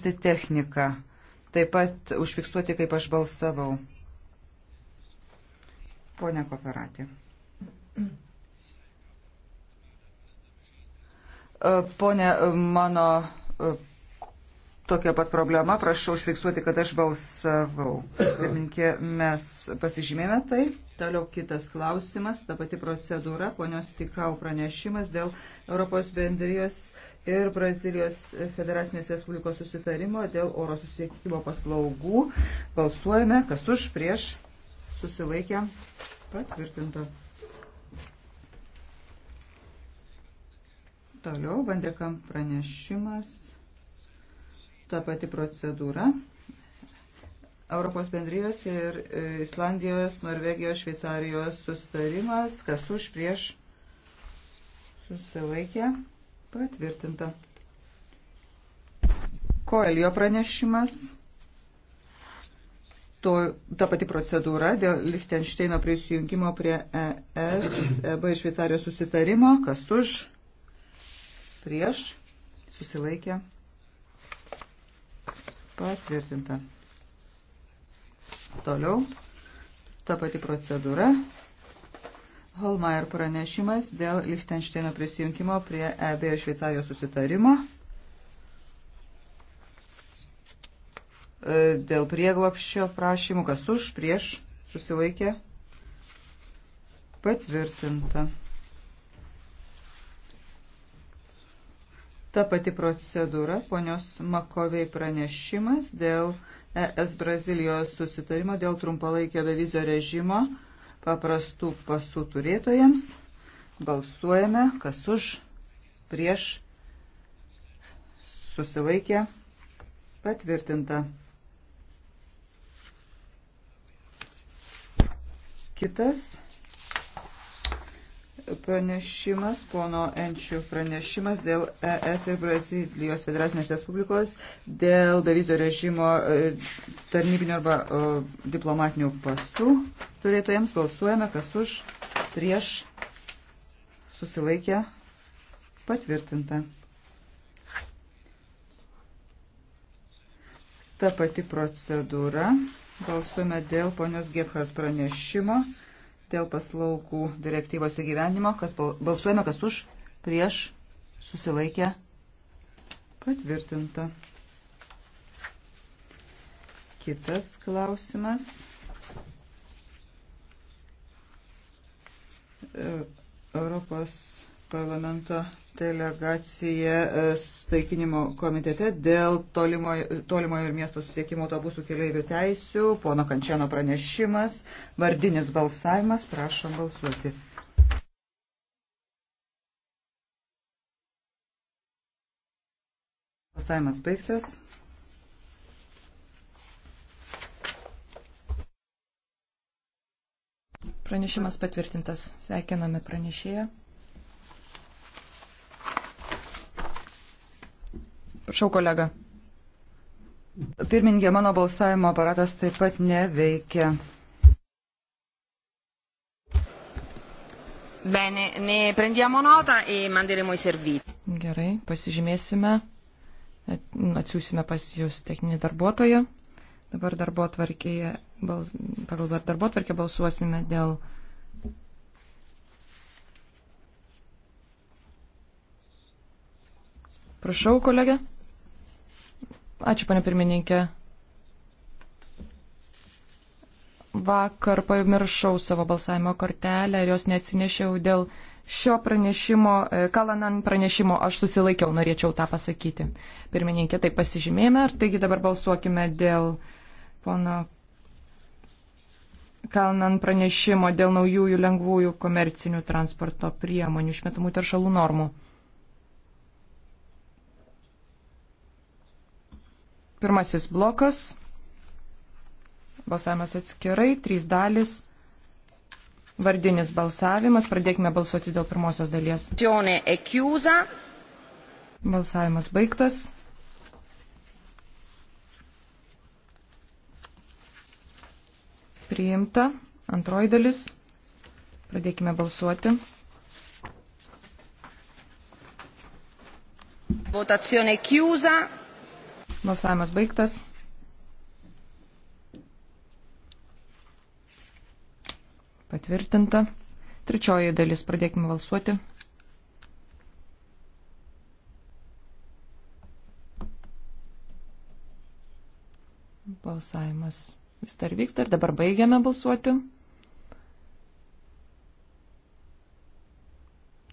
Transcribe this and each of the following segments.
užfiksuoti techniką, taip pat užfiksuoti, kaip aš balsavau. Pone Koperatė. Pone, mano tokia pat problema. Prašau užfiksuoti, kad aš balsavau. Pirminkė, mes pasižymėme tai. Toliau kitas klausimas, ta pati procedūra, ponios Tikau pranešimas dėl Europos bendrijos ir Brazilijos Federacinės Respublikos susitarimo dėl oro susisiekimo paslaugų. Balsuojame, kas už, prieš, susilaikę, patvirtinta. Toliau vandekam pranešimas ta pati procedūra. Europos bendrijos ir e, Islandijos, Norvegijos, Šveicarijos sustarimas, kas už prieš susilaikė, patvirtinta. Koelio pranešimas. To, ta pati procedūra dėl Lichtensteino prisijungimo prie ES, EB ir Šveicarijos susitarimo, kas už, prieš, susilaikė, Patvirtinta. Toliau. Ta pati procedūra. Holmeier pranešimas dėl Lichtensteino prisijungimo prie EB ir Šveicarijos susitarimo. E, dėl prieglopščio prašymų, kas už, prieš, susilaikė. Patvirtinta. Ta pati procedūra, ponios Makoviai pranešimas dėl ES Brazilijos susitarimo dėl trumpalaikio bevizio režimo paprastų pasų turėtojams. Balsuojame, kas už, prieš, susilaikė, patvirtinta. Kitas pranešimas, pono Enčių pranešimas dėl ES ir Brazilijos Federacinės Respublikos dėl bevizio režimo e, tarnybinio arba e, diplomatinių pasų turėtojams. Balsuojame, kas už, prieš, susilaikę, patvirtinta. Ta pati procedūra. Balsuojame dėl ponios Gebhardt pranešimo dėl paslaugų direktyvos įgyvenimo. Kas balsuojame, kas už, prieš, susilaikę, patvirtinta. Kitas klausimas. E, Europos parlamento delegacija taikinimo e, komitete dėl tolimojo, tolimojo ir miesto susiekimo autobusų keliaivių teisių. Pono Kančiano pranešimas, vardinis balsavimas, prašom balsuoti. Balsavimas baigtas. Pranešimas patvirtintas. Sveikiname pranešėją. Prašau, kolega. Pirmininkė, mano balsavimo aparatas taip pat neveikia. Bene, ne prendiamo nota e manderemo i servizi. Gerai, pasižymėsime, atsiūsime pas jūs techninį darbuotoją. Dabar darbo tvarkėje, bals, pagal darbo tvarkę balsuosime dėl. Prašau, kolega. Ačiū, pane pirmininkė. Vakar pamiršau savo balsavimo kortelę ir jos neatsinešiau dėl šio pranešimo, e, Kalanan pranešimo, aš susilaikiau, norėčiau tą pasakyti. Pirmininkė, tai pasižymėjome, ar taigi dabar balsuokime dėl pono Kalnan pranešimo dėl naujųjų lengvųjų komercinių transporto priemonių išmetamų teršalų normų. Pirmasis blokas. Balsavimas atskirai, trys dalis. Vardinis balsavimas. Pradėkime balsuoti dėl pirmosios dalies. Balsavimas baigtas. Priimta. Antroji dalis. Pradėkime balsuoti. Votazione chiusa. Balsavimas baigtas. Patvirtinta. Trečioji dalis. Pradėkime balsuoti. Balsavimas vis dar vyksta ir dabar baigiame balsuoti.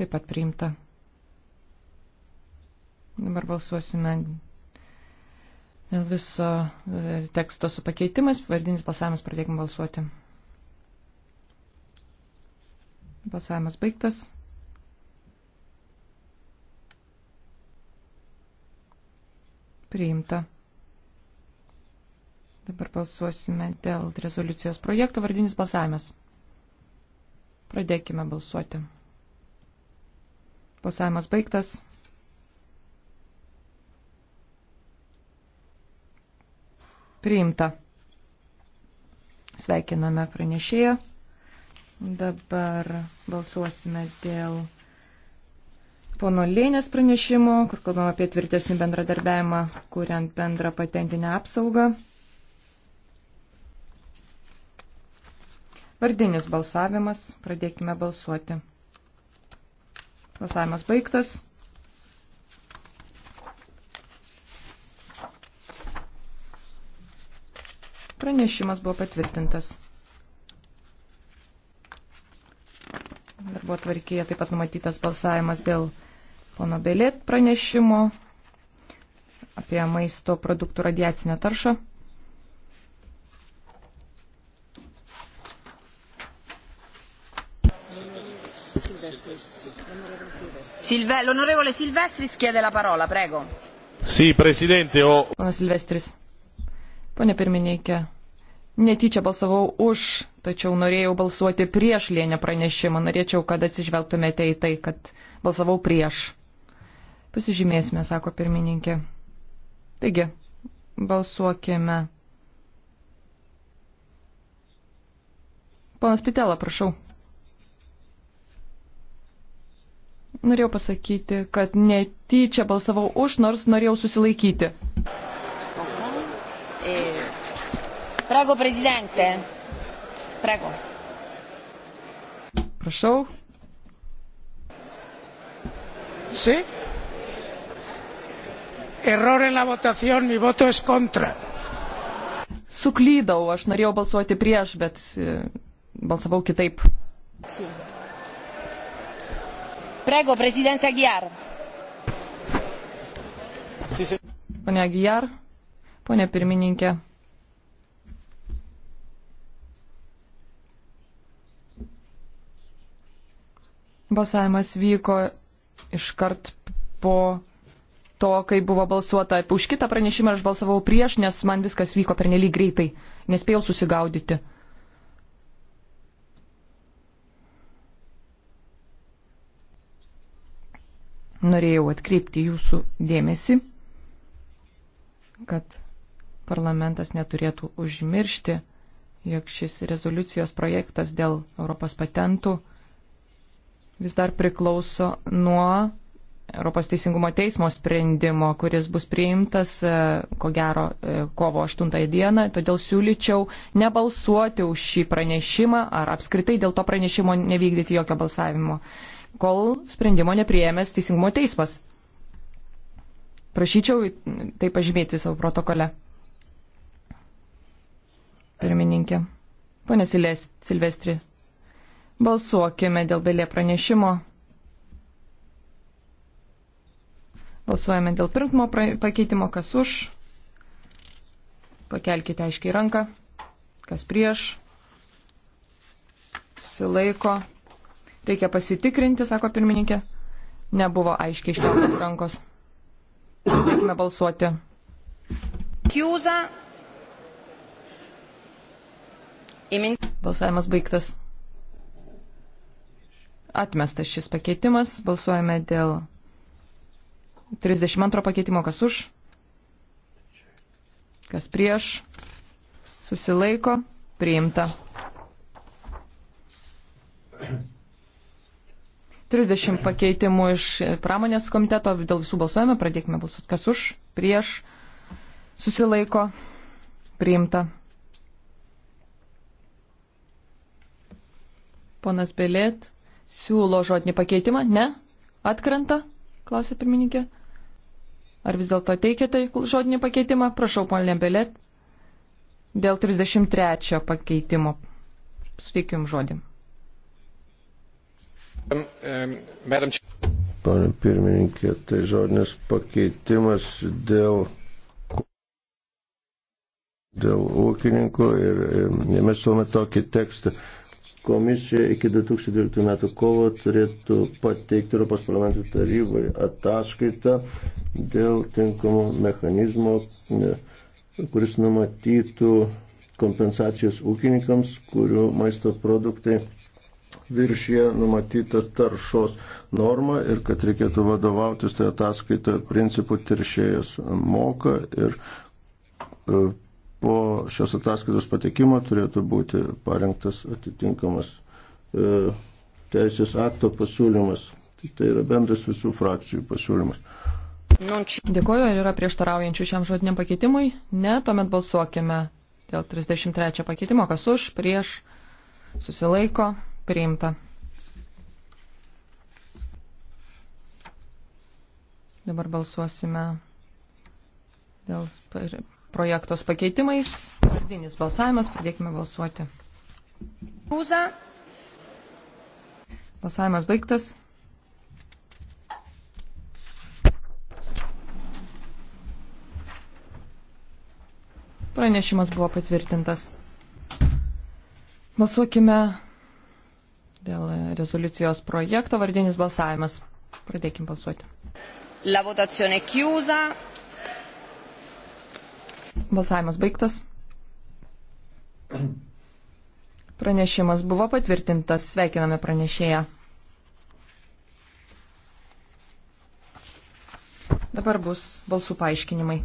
Taip pat priimta. Dabar balsuosime viso e, teksto su pakeitimais. Vardinis balsavimas pradėkime balsuoti. Balsavimas baigtas. Priimta. Dabar balsuosime dėl rezoliucijos projekto vardinis balsavimas. Pradėkime balsuoti. Balsavimas baigtas. Priimta. Sveikiname pranešėją. Dabar balsuosime dėl pono Lėnės pranešimo, kur kalbam apie tvirtesnį bendradarbiavimą, kuriant bendrą patentinę apsaugą. Vardinis balsavimas. Pradėkime balsuoti. Balsavimas baigtas. Pranešimas buvo patvirtintas. Darbo tvarkėje taip pat numatytas balsavimas dėl pono Belėt pranešimo apie maisto produktų radiacinę taršą. Silve, L'onorevole Silvestris chiede la parola, prego. Sì, si, Presidente, ho... Pono Silvestris. Pone pirmininkė, Netyčia balsavau už, tačiau norėjau balsuoti prieš lėnę pranešimą. Norėčiau, kad atsižvelgtumėte į tai, kad balsavau prieš. Pasižymėsime, sako pirmininkė. Taigi, balsuokime. Ponas Pitela, prašau. Norėjau pasakyti, kad netyčia balsavau už, nors norėjau susilaikyti. Prego, prezidente. Prego. Prašau. Sí. Error en la votación, mi voto es contra. Suklydau, aš norėjau balsuoti prieš, bet e, balsavau kitaip. Sí. Prego, prezidente Aguiar. Pane Aguiar, ponė pirmininkė. Balsavimas vyko iškart po to, kai buvo balsuota už kitą pranešimą, aš balsavau prieš, nes man viskas vyko pernelyg greitai, nespėjau susigaudyti. Norėjau atkreipti jūsų dėmesį, kad parlamentas neturėtų užmiršti, jog šis rezoliucijos projektas dėl Europos patentų vis dar priklauso nuo Europos Teisingumo teismo sprendimo, kuris bus priimtas, e, ko gero, e, kovo 8 dieną. Todėl siūlyčiau nebalsuoti už šį pranešimą ar apskritai dėl to pranešimo nevykdyti jokio balsavimo, kol sprendimo nepriėmės Teisingumo teismas. Prašyčiau tai pažymėti savo protokole. Pirmininkė. Pone Silvestri, Balsuokime dėl belė pranešimo. Balsuojame dėl pirmo pakeitimo, kas už. Pakelkite aiškiai ranką, kas prieš. Susilaiko. Reikia pasitikrinti, sako pirmininkė. Nebuvo aiškiai iškeltos rankos. Reikime balsuoti. Balsavimas baigtas. Atmestas šis pakeitimas. Balsuojame dėl 32 pakeitimo. Kas už? Kas prieš? Susilaiko. Priimta. 30 pakeitimų iš pramonės komiteto. Dėl visų balsuojame. Pradėkime balsuoti. Kas už? Prieš? Susilaiko. Priimta. Ponas Belėt siūlo žodinį pakeitimą? Ne? Atkrenta? Klausė pirmininkė. Ar vis dėlto teikiate žodinį pakeitimą? Prašau, ponė Belėt. Dėl 33 pakeitimo. Suteikim žodį. Um, Pane pirmininkė, tai žodinis pakeitimas dėl dėl ūkininkų ir, ir mes siūlome tokį tekstą komisija iki 2012 metų kovo turėtų pateikti Europos parlamento tarybai ataskaitą dėl tinkamo mechanizmo, e, kuris numatytų kompensacijas ūkininkams, kurių maisto produktai viršyje numatytą taršos normą ir kad reikėtų vadovautis tai ataskaitoje principų teršėjas moka ir e, Po šios ataskaitos patekimo turėtų būti parengtas atitinkamas e, teisės akto pasiūlymas. Tai yra bendras visų frakcijų pasiūlymas. Dėkuoju, ar yra prieštaraujančių šiam žodiniam pakeitimui? Ne, tuomet balsuokime dėl 33 pakeitimo, kas už, prieš, susilaiko, priimta. Dabar balsuosime dėl projektos pakeitimais. Vardinis balsavimas, pradėkime balsuoti. Pūza. Balsavimas baigtas. Pranešimas buvo patvirtintas. Balsuokime dėl rezoliucijos projekto vardinis balsavimas. Pradėkim balsuoti. La votazione chiusa. Balsavimas baigtas. Pranešimas buvo patvirtintas. Sveikiname pranešėją. Dabar bus balsų paaiškinimai.